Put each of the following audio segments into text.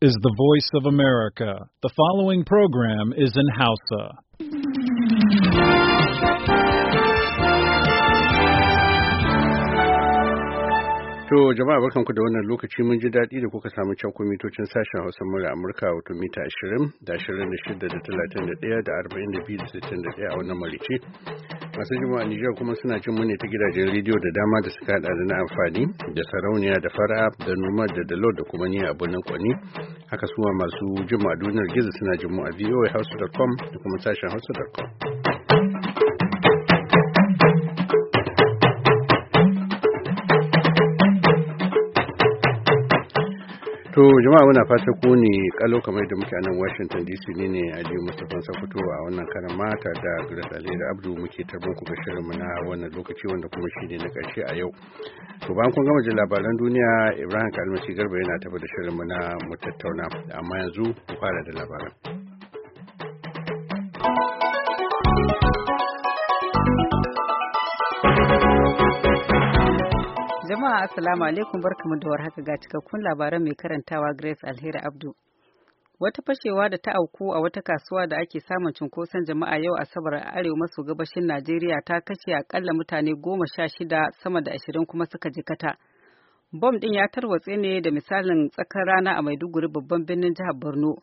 This is the voice of America. The following program is in Hausa. To jama'a barkanku da wannan lokaci mun ji daɗi da kuka samu can mitocin sashen Hausa mura Amurka wato mita 20 da 26 da 31 da 42 da 61 a wannan marice. masu jima a Nijar kuma suna cin muni ta gidajen rediyo da dama da suka hada da na amfani da sarauniya da fara da noma da dalo da kuma ni abu na kwani haka suma masu jima a duniyar gizo suna jin mu a voahouse.com da kuma sashen hausa.com. To jama'a muna fata ku ne kalau kamar da muke a nan Washington DC ne ne Aliyu Mustapha Sakuto a wannan karan mata da Grace da Abdu muke tabo ku ga mu na wannan lokaci wanda kuma shi ne na karshe a yau. To bayan kun gama jin labaran duniya Ibrahim Kalmasi Garba yana tafa da mu na mu tattauna amma yanzu ku fara da labaran. Jama'a Assalamu alaikum barkamu da warhaka ga cikakkun labaran mai karantawa Grace Alheri Abdu. Wata fashewa da ta auku a wata kasuwa da ake samun cunkoson jama'a yau Asabar a arewa maso gabashin Najeriya ta kashe akalla mutane goma sha shida sama da ashirin kuma suka jikata. Bom ɗin ya tarwatse ne da misalin tsakar rana a Maiduguri babban birnin jihar Borno.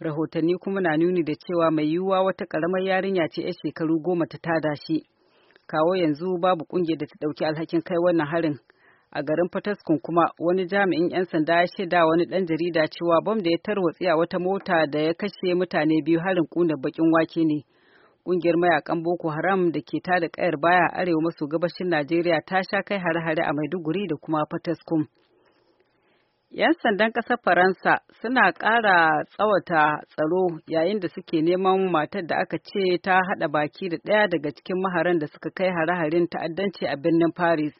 Rahotanni kuma na nuni da cewa mai yiwuwa wata karamar yarinya ce 'yar shekaru goma ta tada shi. Kawo yanzu babu ƙungiyar da ta ɗauki alhakin kai wannan harin. a garin Fataskun kuma wani jami'in 'yan sanda ya shaida wani ɗan jarida cewa bom da ya tarwatse a wata mota da ya kashe mutane biyu harin kuna bakin wake ne. Ƙungiyar mayakan Boko Haram da ke ta da kayar baya arewa maso gabashin Najeriya ta sha kai hare-hare a Maiduguri da kuma Fataskun. 'Yan sandan ƙasar Faransa suna ƙara tsawata tsaro yayin da suke neman matar da aka ce ta haɗa baki da ɗaya daga cikin maharan da suka kai hare-haren ta'addanci a birnin Paris.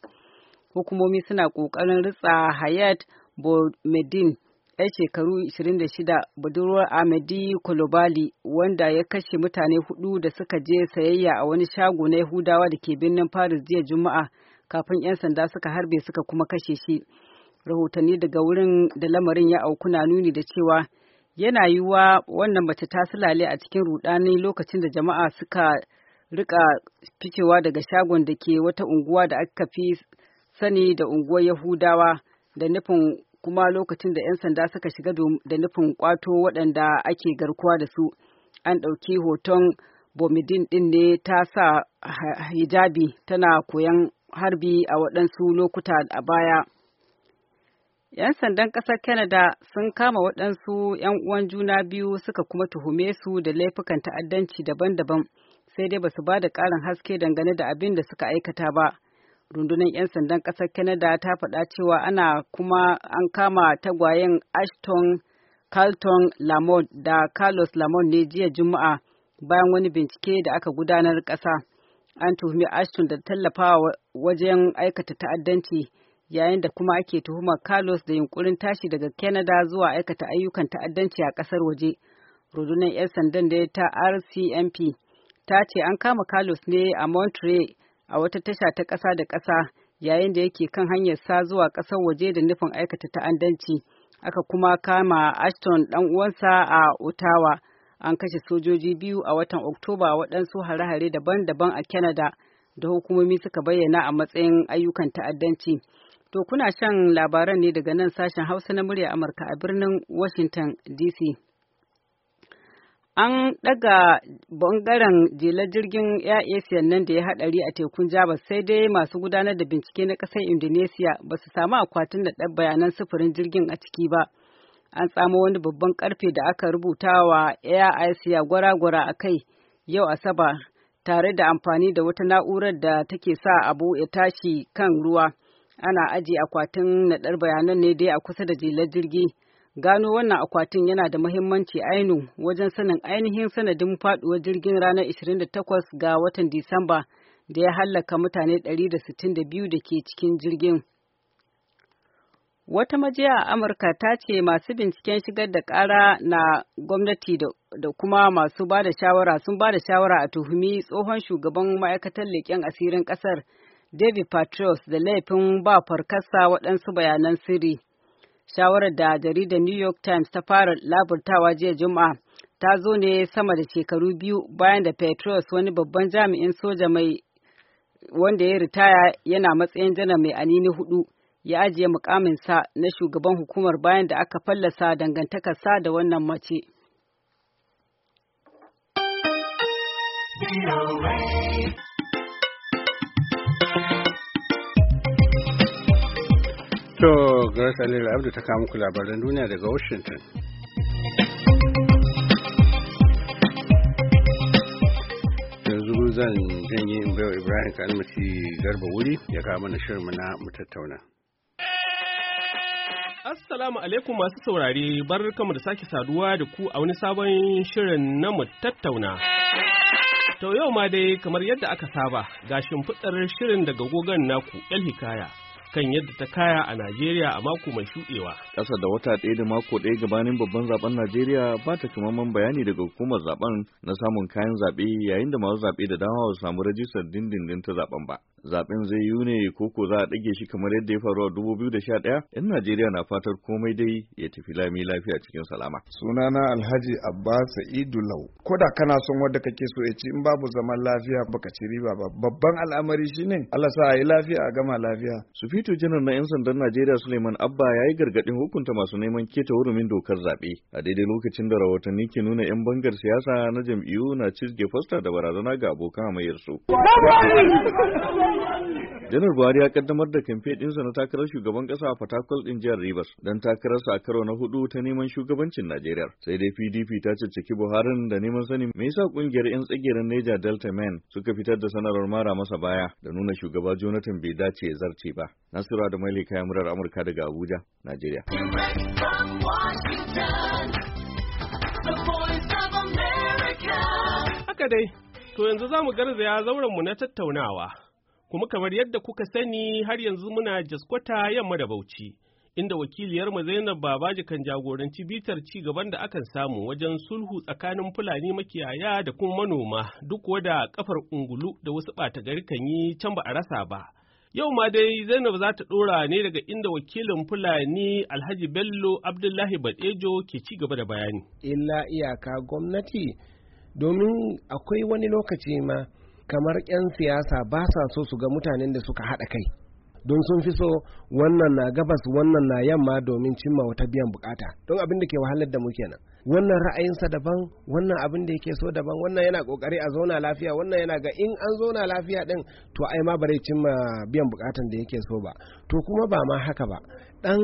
hukumomi suna kokarin ritsa hayat bomedin yan shekaru 26 budurwar Ahmadi kolobali wanda ya kashe mutane hudu da suka je sayayya a wani shago na Yahudawa da ke birnin Paris jiya Juma'a kafin 'yan sanda suka harbe suka kuma kashe shi. Rahotanni daga wurin da lamarin ya auku na nuni da cewa yana yiwuwa wannan mace ta silale a cikin rudani lokacin da jama'a suka rika ficewa daga shagon da ke wata unguwa da aka fi sani da unguwar Yahudawa da nufin kuma lokacin da 'yan sanda suka shiga da nufin kwato waɗanda ake garkuwa da su. An ɗauki hoton bomidin ɗin ne ta sa hijabi tana koyan harbi a waɗansu lokuta a baya. 'Yan sandan ƙasar Canada sun kama waɗansu 'yan uwan juna biyu suka kuma tuhume su da laifukan ta'addanci daban-daban, sai dai ba su ba da ƙarin haske dangane da abin da suka aikata ba. rundunar 'yan sandan ƙasar canada ta faɗa cewa ana kuma an kama tagwayen ashton carlton lamont da carlos lamont ne jiya juma'a bayan wani bincike da aka gudanar ƙasa an tuhumi ashton da tallafawa wajen aikata ta'addanci yayin da kuma ake tuhumar carlos da yunkurin tashi daga canada zuwa aikata ayyukan ta'addanci a ƙasar waje rundunar 'yan sandan da ta rcmp ta ce an kama carlos ne a montreal a wata tasha ta ƙasa da ƙasa yayin da yake kan hanyar sa zuwa ƙasar waje da nufin aikata ta'addanci aka kuma kama ashton ɗan uwansa a otawa an kashe sojoji biyu a watan oktoba waɗansu hare-hare daban-daban a canada da hukumomi suka bayyana a matsayin ayyukan ta'addanci to kuna shan labaran ne daga nan sashen hausa na murya amurka a birnin washington dc an daga bangaren jela jirgin air nan da ya hadari a tekun java sai dai masu gudanar da bincike na ƙasar indonesia ba su samu akwatin da bayanan sufurin jirgin a ciki ba an tsamo wani babban karfe da aka rubuta wa air asia gwara-gwara a kai yau asaba tare da amfani da wata na'urar da take sa abu ya tashi kan ruwa ana ajiye akwatin naɗar bayanan ne dai a kusa da jela jirgi. Gano wannan akwatin yana da muhimmanci ainu wajen sanin ainihin sanadin faduwar jirgin ranar 28 ga watan Disamba da ya hallaka mutane 162 da ke cikin jirgin. Wata majiya a Amurka ta ce masu binciken shigar da ƙara na gwamnati da kuma masu ba da shawara sun ba da shawara a tuhumi tsohon shugaban ma'aikatar leƙen asirin ƙasar David Patrios da laifin ba farkasa waɗansu bayanan sirri. shawarar da jaridar New York Times ta fara laburtawa jiya Juma'a ta zo ne sama da shekaru biyu bayan da Petros wani babban jami'in soja mai wanda ya ritaya yana matsayin jana mai anini hudu ya ajiye mukaminsa na shugaban hukumar bayan da aka fallasa dangantakarsa da wannan mace. To, Grace Aliyu Abdu ta kawo muku labaran duniya daga Washington. Yanzu zan janye in baiwa Ibrahim Kalmati garba wuri ya kawo mana shirinmu na mu Assalamu alaikum masu saurare barkamu da sake saduwa da ku a wani sabon shirin na mu tattauna. To yau ma dai kamar yadda aka saba ga shimfiɗar shirin daga gogon naku 'yan Hikaya. kan yadda ta kaya a Najeriya a mako mai shuɗewa. Ƙasa da wata ɗaya da mako ɗaya gabanin babban zaben Najeriya ba ta kamaman bayani daga hukumar zaben na samun kayan zaɓe yayin da masu zaɓe da dama ba su samu rajistar dindindin ta zaben ba. zaben zai yiwu ne ko ko za a dage shi kamar yadda ya faru a 2011 'yan Najeriya na fatar komai dai ya tafi lami lafiya cikin salama. Sunana Alhaji Abbas Sa'idu Lau. Ko da kana son wanda kake so ya ci in babu zaman lafiya baka ci riba ba. Babban al'amari shine Allah sa a yi lafiya a gama lafiya. Sufito janar na 'yan sandan Najeriya Suleiman Abba ya yi gargaɗin hukunta masu neman keta hurumin dokar zaɓe a daidai lokacin da rahotanni ke nuna 'yan bangar siyasa na jam'iyyu na cizge fasta da barazana ga abokan hamayyarsu. Janar Buhari ya kaddamar da kamfe ɗinsa na takarar shugaban ƙasa a Fatakwal ɗin jihar Rivers don takararsa a karo na hudu ta neman shugabancin Najeriya. Sai dai PDP ta cicciki Buharin da neman sanin me yasa ƙungiyar 'yan tsagirin Neja Delta Men suka fitar da sanarwar mara masa baya da nuna shugaba Jonathan bai dace ya zarce ba. Nasiru da maile kayan murar Amurka daga Abuja, Najeriya. Haka dai, to yanzu za mu garzaya zauren mu na tattaunawa. kuma kamar yadda kuka sani har yanzu muna jaskwata yamma da bauchi inda wakiliyarmu zainab babaji kan jagoranci bitar ci gaban da akan samu wajen sulhu tsakanin fulani makiyaya da kuma manoma duk wada kafar ungulu da wasu ɓata gari kan yi can ba a rasa ba yau ma dai zainab za ta ɗora ne daga inda wakilin fulani alhaji bello abdullahi badejo ke ci gaba da bayani illa iyaka gwamnati domin akwai wani lokaci ma kamar 'yan siyasa ba sa so su ga mutanen da suka haɗa kai don sun fi so wannan na gabas wannan na yamma domin cimma wata biyan bukata don abin da ke wahalar da mu kenan wannan ra'ayinsa daban wannan abin da yake so daban wannan yana kokari a zauna lafiya wannan yana ga in an zauna lafiya din to ai ma bare cimma biyan bukatan da yake so ba to kuma ba ma haka ba dan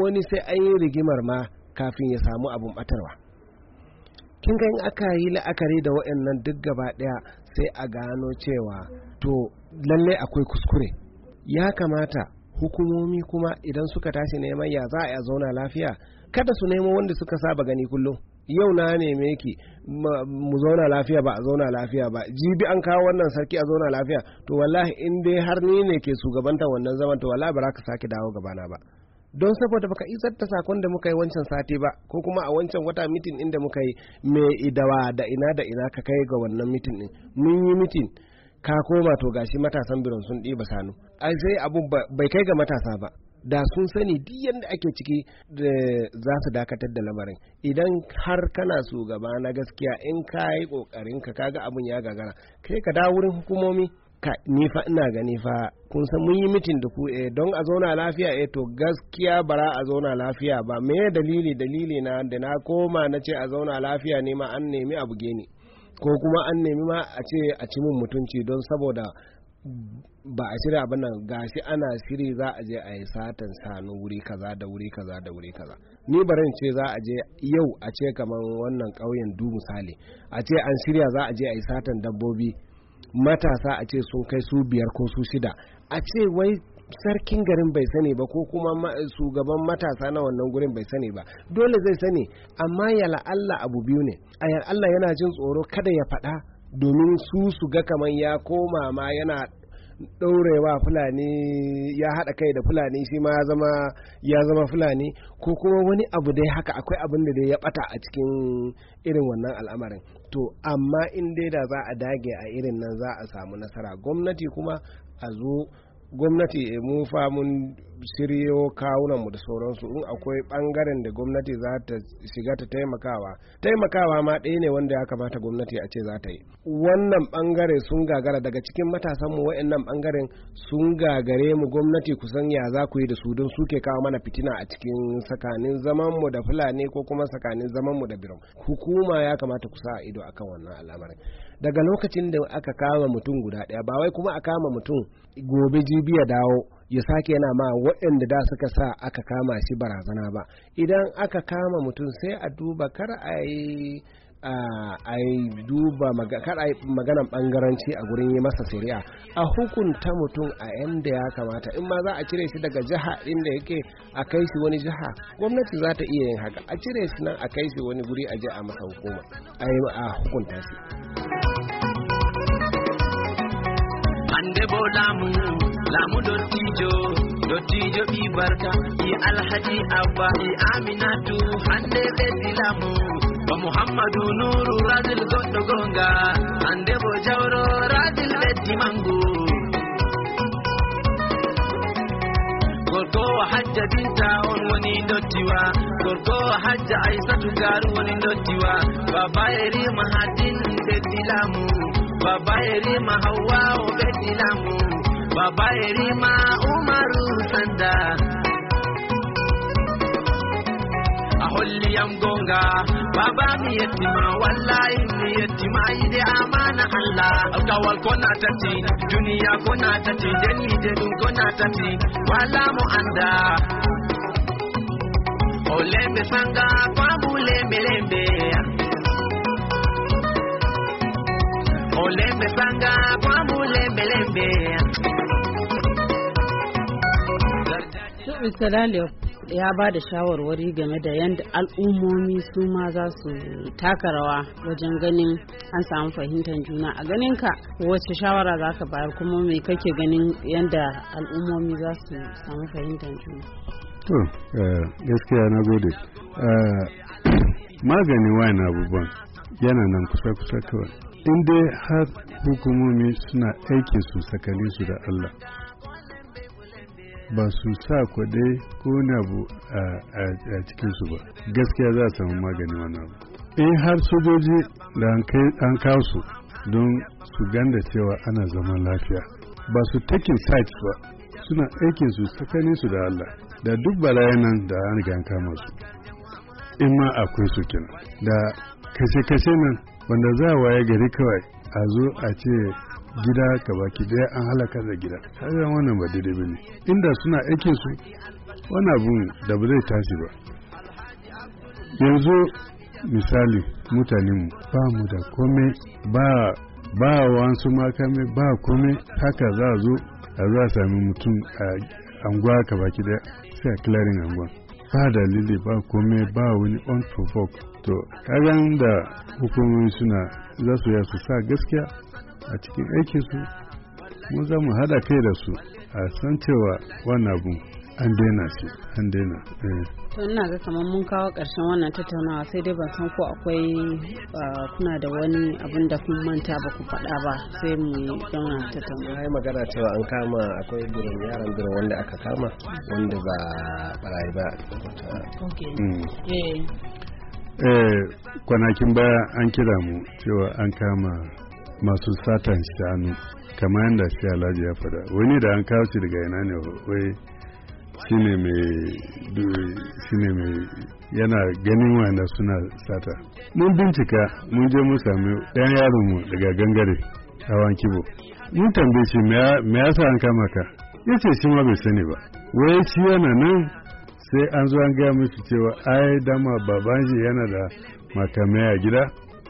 wani sai an yi rigimar ma kafin ya samu abun batarwa kin ga in aka yi la'akari da wa'annan duk gaba daya sai a gano cewa to lalle akwai kuskure ya kamata hukumomi kuma idan suka tashi neman ya za a zauna lafiya kada su nemo wanda suka saba gani kullum yau na neme ki mu zauna lafiya ba a zauna lafiya ba jibi an kawo wannan sarki a zauna lafiya to wallahi in dai har ni ne ke shugabanta wannan zaman to wallahi ba za ka sake dawo gabana ba don saboda baka isar da sakon da muka yi wancan sati ba ko kuma a wancan wata mitin din da muka yi mai idawa da ina da ina ka kai ga wannan mitin din mun yi mitin ka koma to gashi matasan biron sun ɗiba sanu ai sai abun bai kai ga matasa ba da sun sani duk yadda ake ciki da eh, za su dakatar da lamarin idan har kana su gaba na gaskiya in ka yi kokarin ka kaga abun ya gagara kai ka da wurin hukumomi ni fa ina gani fa kun san mun yi mitin da ku eh don a zauna lafiya eh to gaskiya bara a zauna lafiya ba me dalili dalili na da na koma na ce a zauna lafiya ne ma an nemi a buge ko kuma an nemi ma a ce a ci mun mutunci don saboda ba a shirya abin nan gashi ana shiri za a je a yi satan sanu wuri kaza da wuri kaza da wuri kaza ni barin ce za a je yau a ce kamar wannan ƙauyen du misali a ce an shirya za a je a yi satan dabbobi matasa a ce sun kai su biyar ko su shida a ce wai sarkin garin bai sani ba ko kuma shugaban matasa na wannan gurin bai sani ba dole zai sani amma ya la'alla abu biyu ne a Allah yana jin tsoro kada ya faɗa domin su su ga kamar ya koma ma yana ɗaurewa fulani ya haɗa kai da fulani shi ma ya zama fulani ko kuma wani abu dai haka akwai abin da dai ya ɓata a cikin irin wannan al'amarin to amma in dai da za a dage a irin nan za a samu nasara gwamnati kuma a zo gwamnati eh, mu fa mun shiryo kawunanmu da sauransu in akwai bangaren da gwamnati za ta shiga ta taimakawa taimakawa ma ɗaya ne wanda ya kamata gwamnati a ce za ta yi wannan bangare sun gagara daga cikin matasanmu wayannan bangaren sun gagare mu gwamnati kusan ya za ku yi da su don suke kawo mana fitina a cikin tsakanin zamanmu da fulani ko kuma tsakanin zamanmu da birom hukuma ya kamata ku sa ido akan wannan al'amarin daga lokacin da aka kama mutum guda ɗaya ba wai kuma a kama mutum gobe jibi gobe ya dawo ya sake yana ma waɗanda da suka sa aka kama shi barazana ba idan aka kama mutum sai a duba kar a yi a duba kar a yi maganan ɓangaranci a gurin yi masa shari'a a hukunta mutum a yadda ya kamata in ma za a cire shi daga jiha inda yake a kai shi wani jiha gwamnati za ta iya yin haka a cire shi nan a kai shi wani guri a je a masa hukuma a hukunta shi. Ande bola mu lamu dottijo dottijo ɓi barka i alhaji abba i aminatu hande be lamu ba muhammadu nuru radil goɗɗo gonga hande bo jawro radil ɓeddi mangu Gorko wa hajja binta on woni dottiwa wa hajja aisatu garu woni dottiwa baba yerima mahadin, be lamu baba yerima hawwa o be lamu baba irima umaru sanda a holliyan gonga baba mi yetima wallahi mi yetima ide amana allah abdawal kona tati duniya kona tati deni dedun kona tati wala mu anda olembe sanga kwambu lembe lembe olembe sanga kwambu lembe lembe Jami'in Salaliyar ya ba da shawarwari game da yadda al'ummomi su ma za su taka rawa wajen ganin an samu fahimtar juna a ganin ka wacce shawara za ka bayar kuma mai kake ganin yadda al'ummomi za su samu fahimtar juna to eh, gaskiya na gode eh, magani wayan abubuwan yana nan kusa-kusa kawai in har hukumomi suna aikin su su da allah ba su sa kwadai ko na abu a cikinsu ba gaskiya za a samu magani wani abu in har sojoji da an kawo su don su ganda cewa ana zaman lafiya ba su takin site ba suna aikin su tsakaninsu da Allah da duk balayan nan da an riga an kama su in ma akwai su kenan da kashe-kashe nan wanda za a waye gari kawai a zo a ce gida ka baki daya an halaka da gida kaga wannan ba daidai bane inda suna aikin su wani abu da ba zai tashi ba yanzu misali mutanenmu ba mu da kome ba ba wasu makame ba komai haka za a zo a za a sami mutum a anguwa ka baki daya sai a kilarin anguwa ba dalili ba kome ba wani on provoke to kagan da hukumomi suna za su ya su sa gaskiya a cikin aikinsu mu za mu hada kai da su a san cewa wannan abu an daina shi an daina eh. to ina ga kamar mun kawo karshen wannan tattaunawa sai dai ban san ko akwai ah, kuna da wani abin da kun manta ba ku faɗa ba sai mu wannan tattaunawa ai magana cewa an kama akwai gurin yaran gurin wanda aka kama wanda ba barayi ba mm. eh. eh kwanakin baya an kira mu cewa an kama masu satan shanu kamar yadda shi alhaji ya faɗa wani da an kawo shi daga ina ne wai shine mai yana ganin wanda suna sata mun bincika mun je mun sami ɗan yaronmu daga gangare hawan kibo mun tambaye shi me yasa an kama ka ya ce shi ma bai sani ba wai shi yana nan sai an zo an gaya musu cewa ai dama baban shi yana da makamai a gida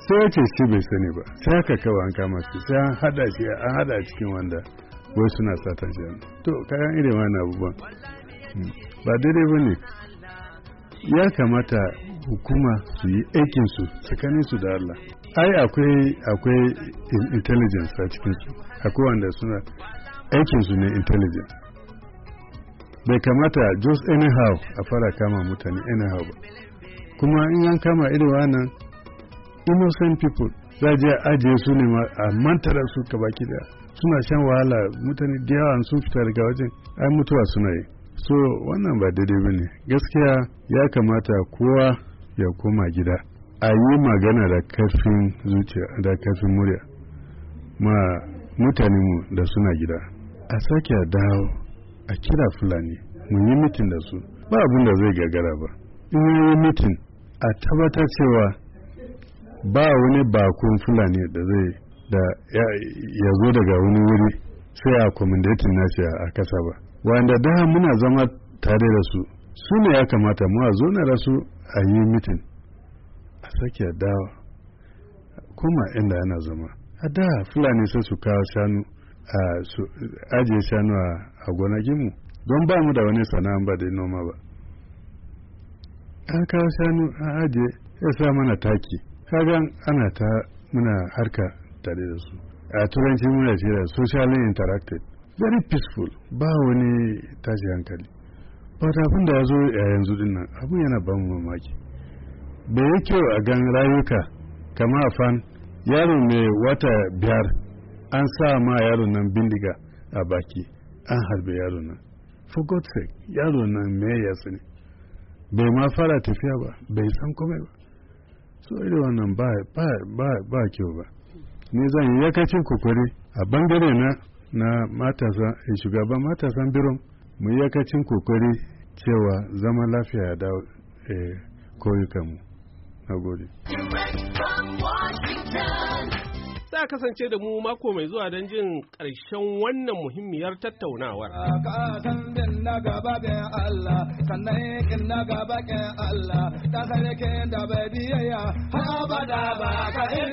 sai ya ce shi bai sani ba sai haka kawo an kama shi sai an hada shi an hada cikin wanda wai suna satan shi to kayan irin wani abubuwan ba daidai ba ne ya kamata hukuma su yi aikinsu su da Allah ai akwai akwai intelligence a su akwai wanda suna su ne intelligence bai kamata just anyhow a fara kama mutane anyhow ba kuma in an kama irin wannan innocent people za je ajiye su ne a mantara su ka baki da suna shan wahala mutane da yawa sun fita daga wajen ai mutuwa suna yi so wannan ba daidai bane gaskiya ya kamata kowa ya koma gida a yi magana da karfin zuciya da karfin murya ma mutanenmu da suna gida a sake dawo a kira fulani mu yi mitin da su ba abin da zai gagara ba in yi mitin a tabbatar cewa ba wani bakon fulani da zai da ya, zo daga wani wuri sai a kwamandatin nasiya a kasa ba wanda da muna zama tare da su su ne ya kamata mu a zo na rasu a yi mitin a sake dawa kuma inda yana zama a da fulani sai su kawo shanu a su ajiye shanu a gonakinmu don ba mu da wani sana'a ba da noma ba an kawo shanu a ajiye ya sa mana taki kagan ana ta muna harka tare da su a turanci muna ce da interactive very peaceful ba wani tashi hankali ba da ya zo a yanzu din nan abin yana ba mu mamaki da ya kyau a gan rayuka kama a fan yaro mai wata biyar an sa ma yaron nan bindiga a baki an harbe yaron nan for god's sake yaron nan mai ya sani bai ma fara tafiya ba bai san komai ba so irin wannan ba ba ba kyau ba ne zan yi yakacin kokore a bangare na na matasan eh, shugaban matasan biron mu yakacin kokari cewa zama lafiya ya dawo eh, koyukanmu na gode sa kasance da mu mako mai zuwa don jin ƙarshen wannan muhimmiyar tattaunawar.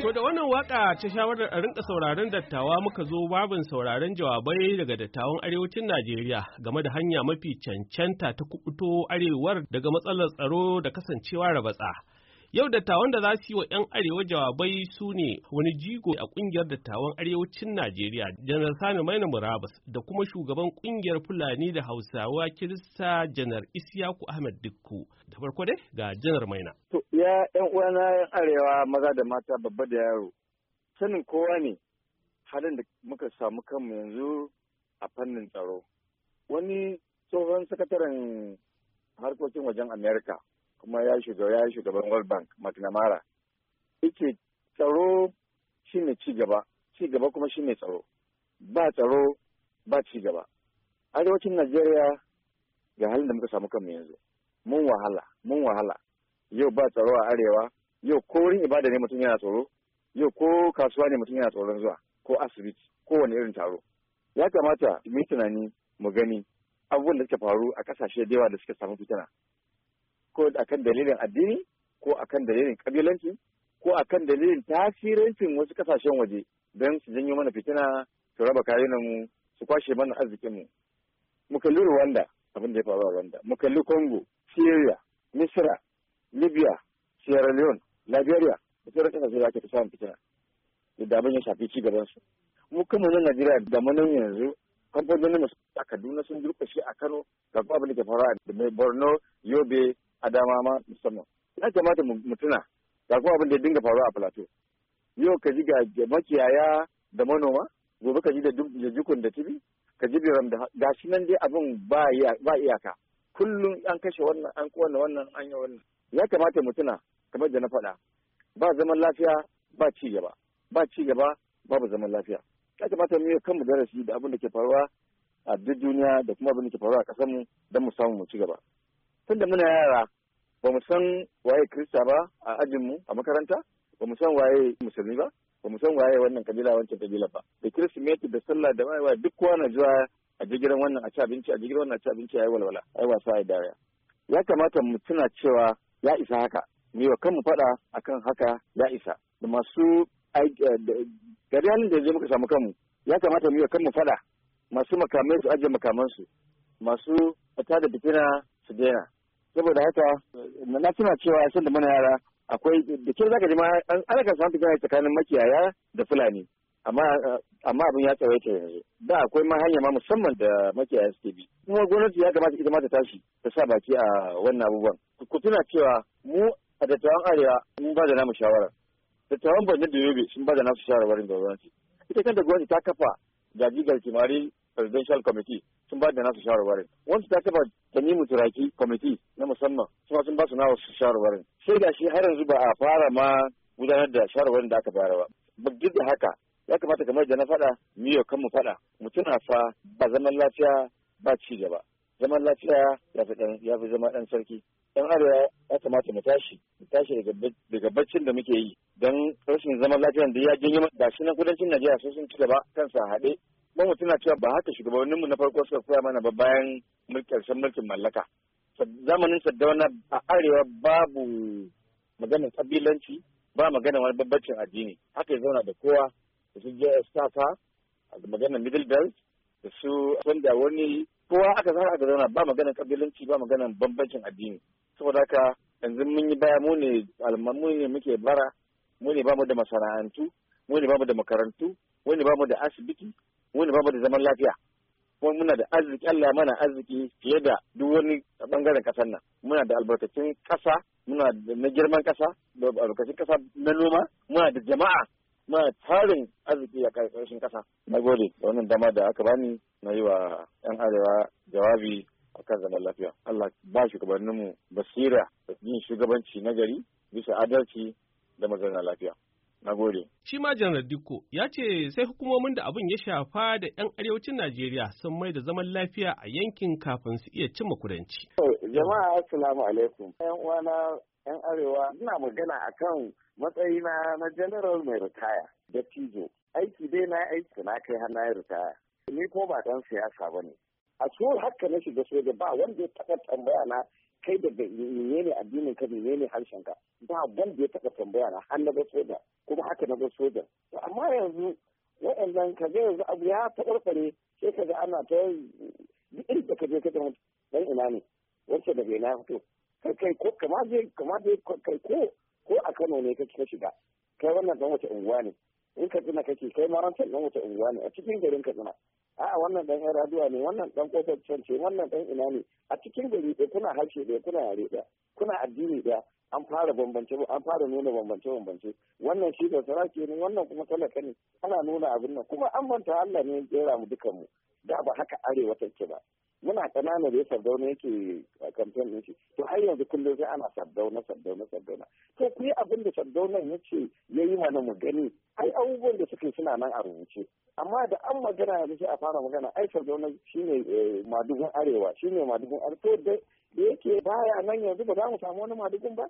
To da wannan waka ta shawarar a rinka sauraron dattawa muka zo babin sauraron jawabai daga dattawan arewacin Najeriya game da hanya mafi cancanta ta kubuto arewar daga matsalar tsaro da kasancewa rabatsa. Yau dattawan da za su yi wa 'yan arewa jawabai su ne wani jigo a kungiyar dattawan arewacin Najeriya, Janar Sani Maina Murabas da kuma shugaban kungiyar Fulani da Hausawa Kirista Janar Isiyaku Ahmed Dikku. Da farko dai ga Janar Maina. To, ya 'yan uwana 'yan arewa maza da mata babba da yaro. Sanin kowa ne halin da muka samu kanmu yanzu a fannin tsaro. Wani tsohon sakataren harkokin wajen Amerika. kuma ya shiga ya shugaban World Bank McNamara yake tsaro shine ci gaba ci gaba kuma shine tsaro ba tsaro ba ci gaba arewacin Najeriya ga halin da muka samu kanmu yanzu mun wahala mun wahala yau ba tsaro a arewa yau ko wurin ibada ne mutum yana tsoro yau ko kasuwa ne mutum yana tsoron zuwa ko asibiti ko wani irin taro ya kamata mu yi tunani mu gani abubuwan da suka faru a kasashe da yawa da suka samu fitina ko akan dalilin addini ko akan dalilin kabilanci ko akan dalilin tasirancin wasu kasashen waje don su janyo mana fitina su raba mu su kwashe mana arzikinmu mu kalli Rwanda abin da ya faru a Rwanda mu kalli Congo Syria Misra Libya Sierra Leone Liberia da sauran kasashe da ake ta samun fitina da abin ya shafi ci gaban su mu kuma nan Najeriya da nan yanzu kamfanonin a Kaduna sun durƙushe a Kano ga babu da ke faruwa da Borno Yobe a dama ma musamman ya kamata mu tuna ga kuma abin da ya dinga faruwa a plateau yau ka ji ga makiyaya da manoma gobe ka ji da jikun da tibi ka ji biram da gashi nan dai abin ba iyaka kullum an kashe wannan an kowane wannan an yi wannan ya kamata mu tuna kamar da na faɗa ba zaman lafiya ba ci gaba ba ci gaba babu zaman lafiya ya kamata mu yi kanmu darasi da abin da ke faruwa a duk duniya da kuma abin da ke faruwa a ƙasarmu don mu samu mu ci gaba tun da muna yara ba mu san waye Kirista ba a ajinmu a makaranta ba mu san waye musulmi ba ba mu san waye wannan kabila wancan kabila ba da kirsimeti da sallah da wayewa duk kowa na zuwa a jigiran wannan a ci abinci a jigiran wannan a ci abinci yi walwala yi wasa ya dariya ya kamata mu tuna cewa ya isa haka ne wa kanmu faɗa akan haka ya isa da masu gari halin eh, da muka samu kanmu ya kamata mu yi wa kanmu faɗa masu makamai su ajiye makamansu masu a da fitina su daina saboda haka na tuna cewa da mana yara akwai da ke zaka ji ma an san ta gani tsakanin makiyaya da fulani amma amma abin ya tsawaita yanzu da akwai ma hanya ma musamman da makiyaya suke bi kuma gwamnati ya kamata ita ma ta tashi ta sa baki a wannan abubuwan ku tuna cewa mu a dattawan arewa mun ba da namu shawara dattawan borno da yobe sun ba da nasu shawarwarin da gwamnati ita kanta gwamnati ta kafa jajigar kimari presidential committee sun ba da nasu shawarwarin wasu ta kafa tanimu turaki kwamiti na musamman suna sun ba su nawa shawarwarin sai ga shi har yanzu ba a fara ma gudanar da shawarwarin da aka fara ba duk da haka ya kamata kamar da na faɗa miyo kan mu faɗa mu tuna fa ba zaman lafiya ba ci gaba zaman lafiya ya fi zama ɗan sarki dan arewa ya kamata mu tashi mu tashi daga baccin da muke yi don rashin zaman lafiyan da ya janyo ga shi nan kudancin najeriya sun ci gaba kansa haɗe Mun mutum na cewa ba haka mu na farko suka koya mana ba bayan karshen mulkin mallaka. Zamanin Saddauna a arewa babu maganin kabilanci ba maganin wani babbacin addini. Haka ya zauna da kowa da su JS Tafa da maganin Middle Belt da su wanda wani kowa aka zama aka zauna ba maganin kabilanci ba maganin bambancin addini. Saboda haka yanzu mun yi baya mu ne mu ne muke bara mu ne ba mu da masana'antu mu ne ba mu da makarantu mu ne ba mu da asibiti mu ne ba da zaman lafiya kuma muna da arziki Allah mana arziki fiye da duk wani bangaren kasar nan muna da albarkacin kasa muna da na girman kasa da albarkacin kasa na noma muna da jama'a muna tarin arziki a karshen kasa na gode da wannan dama da aka bani na yi wa 'yan arewa jawabi akan zaman lafiya Allah ba shugabanninmu basira da yin shugabanci na gari bisa adalci da mazauna lafiya Na gode. Shi ma Janar Dikko ya ce sai hukumomin da abin ya shafa da 'yan arewacin Najeriya sun mai da zaman lafiya a yankin kafin su iya cimma kudanci. Jama'a assalamu alaikum. 'Yan uwana 'yan arewa ina magana akan matsayina na general mai ritaya da tijo. Aiki dai na aiki na kai har na ritaya. Ni ko ba ɗan siyasa ba ne. A so haka na shiga soja ba wanda ya taɓa tambaya na kai yi menene addinin ka menene harshen ka ba wanda ya taɓa tambaya na har na soja. kuma haka na soja to amma yanzu waɗannan ka ga yanzu abu ya taɓarɓare sai ka ga ana ta duk irin da ka je ka zama dan ina ne wacce daga na fito kai kai ko kama je kama je kai ko ko a Kano ne kake ka shiga kai wannan dan wata unguwa ne in ka tsina kake kai ma ran dan wata unguwa ne a cikin garin ka tuna a'a wannan dan yan raduwa ne wannan dan kofar can ce wannan dan ina ne a cikin gari ɗaya kuna harshe ɗaya kuna yare ɗaya kuna addini ɗaya an fara bambance an fara nuna bambance bambance wannan shi da sarake ne wannan kuma talaka ne ana nuna abin nan kuma an manta Allah ne ya jera mu dukan mu da ba haka arewa take ba muna kanana da sardauna yake kamfen din shi to har yanzu kullum sai ana sardauna sardauna sardauna to ku yi abin da sardaunan ya ce ya yi mana mu gani ai abubuwan da suke suna nan a rubuce amma da an magana yanzu sai a fara magana ai sardauna shine eh, madugun arewa shine madugun arewa da yake baya nan yanzu ba za mu samu wani madugun ba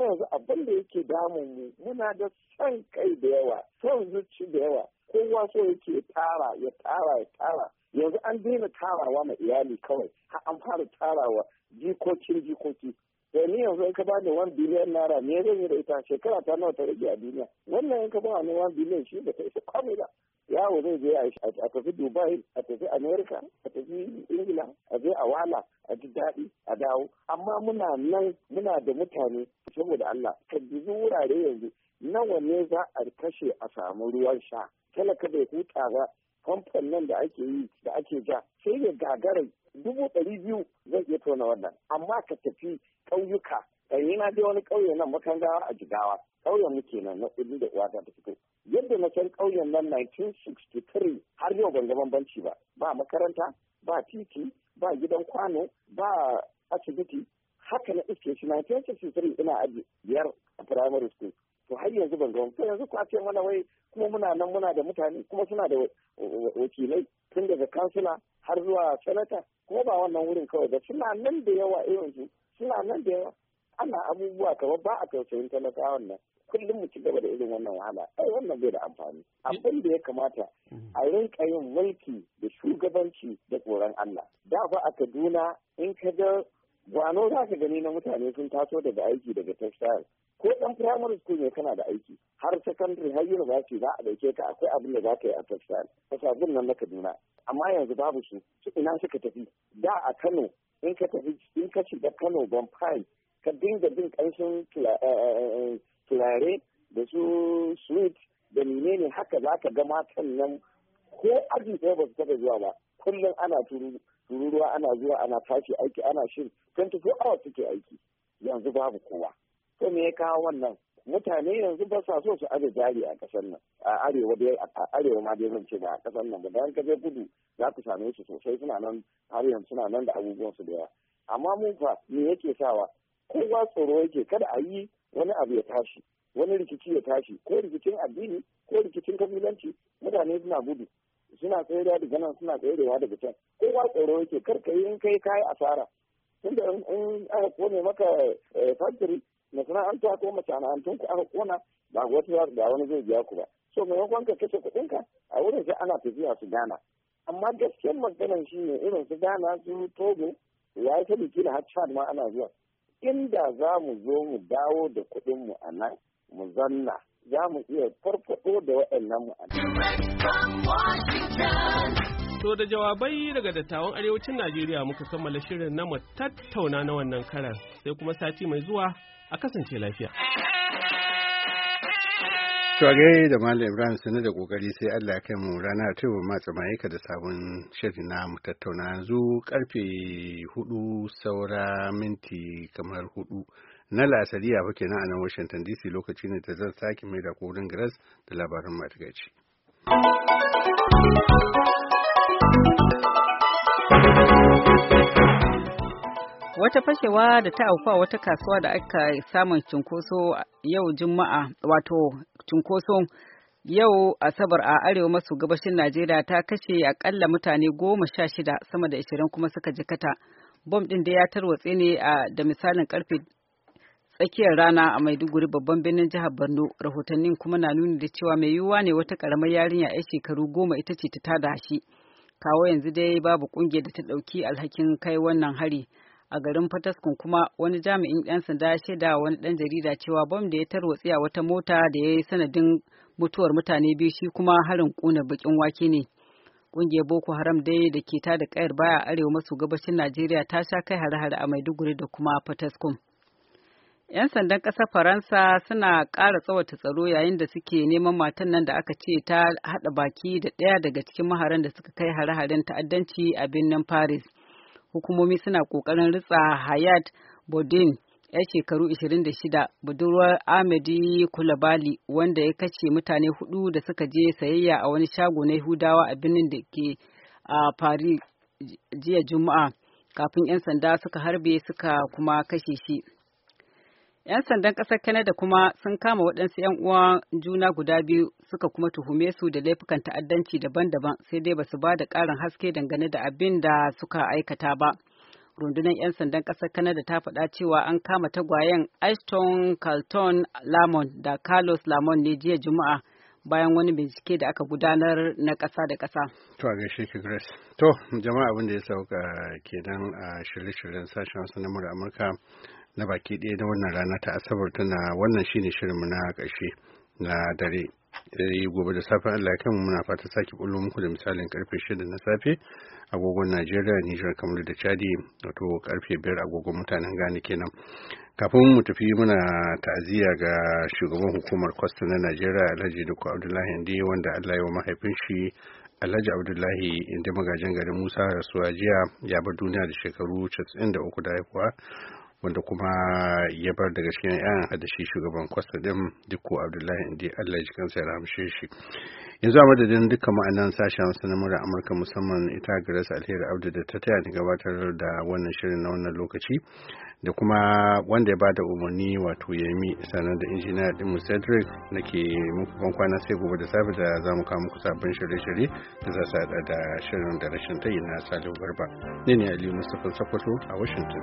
yanzu abin da yake damun mu muna da son kai da yawa son zuci da yawa kowa so yake tara ya tara ya tara yanzu an daina tarawa ma iyali kawai har an fara tarawa jikokin jikoki to ni yanzu in ka ba ni wani biliyan naira me zan yi da ita shekara ta nawa ta rage a duniya wannan in ka ba ni wani biliyan shi da ta isa komai da. yawo zai je a tafi dubai a tafi america a tafi ingila a je a wala a ji daɗi a dawo amma muna nan muna da mutane saboda allah ka dubi wurare yanzu nawa ne za a kashe a samu ruwan sha talaka bai huta ba famfon nan da ake yi da ake ja sai ya gagara dubu ɗari biyu zai iya tona wannan amma ka tafi ƙauyuka ɗanyi eh, na je wani ƙauye nan makangawa a jigawa ƙauyen mu kenan na kudu da uwata ta fito yadda na san ƙauyen nan 1963 har yau ban ga bambanci ba ba makaranta ba titi ba gidan kwano ba asibiti haka na iske shi 1963 ina aji biyar a primary school to har yanzu ban ga to yanzu kwa ce mana wai kuma muna nan muna da mutane kuma suna da wakilai tun daga kansila har zuwa sanata kuma ba wannan wurin kawai ba suna nan da yawa irin su suna nan da yawa ana abubuwa kamar ba a tausayin talakawan nan kullum mu ci gaba da irin wannan wahala ai wannan bai da amfani abin da ya kamata a rinka yin mulki da shugabanci da tsoron Allah da ba a Kaduna in ka ga gwano za ka gani na mutane sun taso daga aiki daga textile ko dan primary school ne kana da aiki har sakandare har university za a dauke ka akwai abin da za ka yi a textile kasabun nan na Kaduna amma yanzu babu su su ina suka tafi da a Kano in ka tafi in ka shiga Kano Bonfire ka dinga bin kanshin eh, eh, eh, tulare da su sweet da menene haka za ka ga matan nan ko aji sai ba su taɓa zuwa ba kullum ana tururuwa ana zuwa ana tashi aiki ana shirin 24 awa suke aiki yanzu babu kowa sai me ya kawo wannan mutane yanzu ba sa so su aje jari a kasar nan a arewa dai a arewa ma dai zan ce ba a kasar nan ba ka kaje gudu za ku same su sosai suna nan har yanzu suna nan da abubuwan su da yawa amma mun fa me yake sawa kowa tsoro yake kada a yi wani abu ya tashi wani rikici ya tashi ko rikicin addini ko rikicin kabilanci mutane suna gudu suna tsayawa daga nan suna tsayarwa daga can kowa tsoro yake kar ka yi in kai kai asara tunda in aka kone maka eh, factory masana'anta ko masana'antun ku aka kona ba wata da wani zai biya ku ba so maimakon ka kashe kuɗin ka a wurin sai ana tafiya su gana amma gaskiyar maganar shi ne irin su gana su togo ya yi ta biki da har ma ana zuwa inda za mu zo mu dawo da kuɗin mu a nan mu zanna za mu iya farfaɗo da waɗannan mu a To da jawabai daga dattawan arewacin Najeriya muka kammala shirin na mu tattauna na wannan karan sai kuma sati mai zuwa a kasance lafiya. Tuwage da Malam Ibrahim Sani da kokari sai Allah ya kai mu rana ta yau ma tsamaye ka da sabon shirin na mu tattauna yanzu karfe hudu saura minti kamar hudu na la'asari a fake nan a nan Washington DC lokaci ne da zan sake mai da korin gras da labarin you. wata fashewa da ta auku a wata kasuwa da aka samun cunkoso yau juma'a wato cunkoso yau asabar a arewa maso gabashin najeriya ta kashe akalla mutane goma sha shida sama da ashirin kuma suka jikata bom ɗin da ya tarwatse ne a da misalin karfe tsakiyar rana a maiduguri babban birnin jihar borno rahotannin kuma na nuni da cewa mai yiwuwa ne wata karamar yarinya ya shekaru goma ita ce ta tada shi kawo yanzu dai babu kungiyar da ta ɗauki alhakin kai wannan hari a garin fataskun kuma wani jami'in 'yan sanda ya shaida wani ɗan jarida cewa bom da ya tarwatse a wata mota da ya yi sanadin mutuwar mutane biyu shi kuma harin ƙuna bakin wake ne ƙungiyar boko haram dai da ke tada kayar baya arewa maso gabashin najeriya ta sha kai hare-hare a maiduguri da kuma fataskun 'Yan sandan ƙasar Faransa suna ƙara tsawata tsaro yayin da suke neman matan nan da aka ce ta haɗa baki da ɗaya daga cikin maharan da suka kai hare-haren ta'addanci a birnin Paris. hukumomi suna kokarin ritsa hayat bodin ya shekaru 26 budurwar amadi kulabali wanda ya kashe mutane hudu da suka je sayayya a wani shago na yahudawa a birnin da ke a paris jiya juma'a kafin 'yan sanda suka harbe suka kuma kashe shi 'Yan sandan ƙasar Canada kuma sun kama waɗansu 'yan uwa juna guda biyu suka kuma tuhume su da laifukan ta'addanci daban-daban sai dai basu ba da ƙarin haske dangane da abin da suka aikata ba. Rundunar 'yan sandan ƙasar Canada ta faɗa cewa an kama tagwayen Ashton Carlton lamon da Carlos lamon ne jiya Juma'a. bayan wani bincike da aka gudanar na ƙasa da ƙasa. To a gaishe ki Grace. To jama'a abin da ya sauka kenan a shirye-shiryen sashen wasu na Amurka na baki ɗaya na wannan rana ta asabar tana wannan shine shirinmu na ƙarshe na dare eh, gobe da safen Allah ya kan muna fata sake bullo muku da misalin karfe 6 na safe agogon Najeriya Nijar kamar da Chadi wato karfe biyar agogon mutanen Ghana kenan kafin mu tafi muna ta'aziyya ga shugaban hukumar kwasta na Najeriya Alhaji Duku Abdullahi Ndi wanda Allah ya wa mahaifin shi Alhaji Abdullahi inda magajin garin Musa rasuwa jiya ya bar duniya da shekaru 93 da haihuwa wanda kuma ya bar daga cikin 'ya'yan hadashi shugaban kwasta din dukku abdullahi indi allah ji kansa ya ramshe shi yanzu a madadin dukkan ma'anan sashen hausa na murar amurka musamman ita garas alheri abdu da ta taya ni gabatar da wannan shirin na wannan lokaci da kuma wanda ya ba da umarni wato yami sannan da injiniya din cedric na ke muku ban kwana sai gobe da safe da za mu kawo muku sabbin shirye-shirye da za su da shirin da rashin tayi na salihu garba ne ne aliyu mustapha sokoto a washington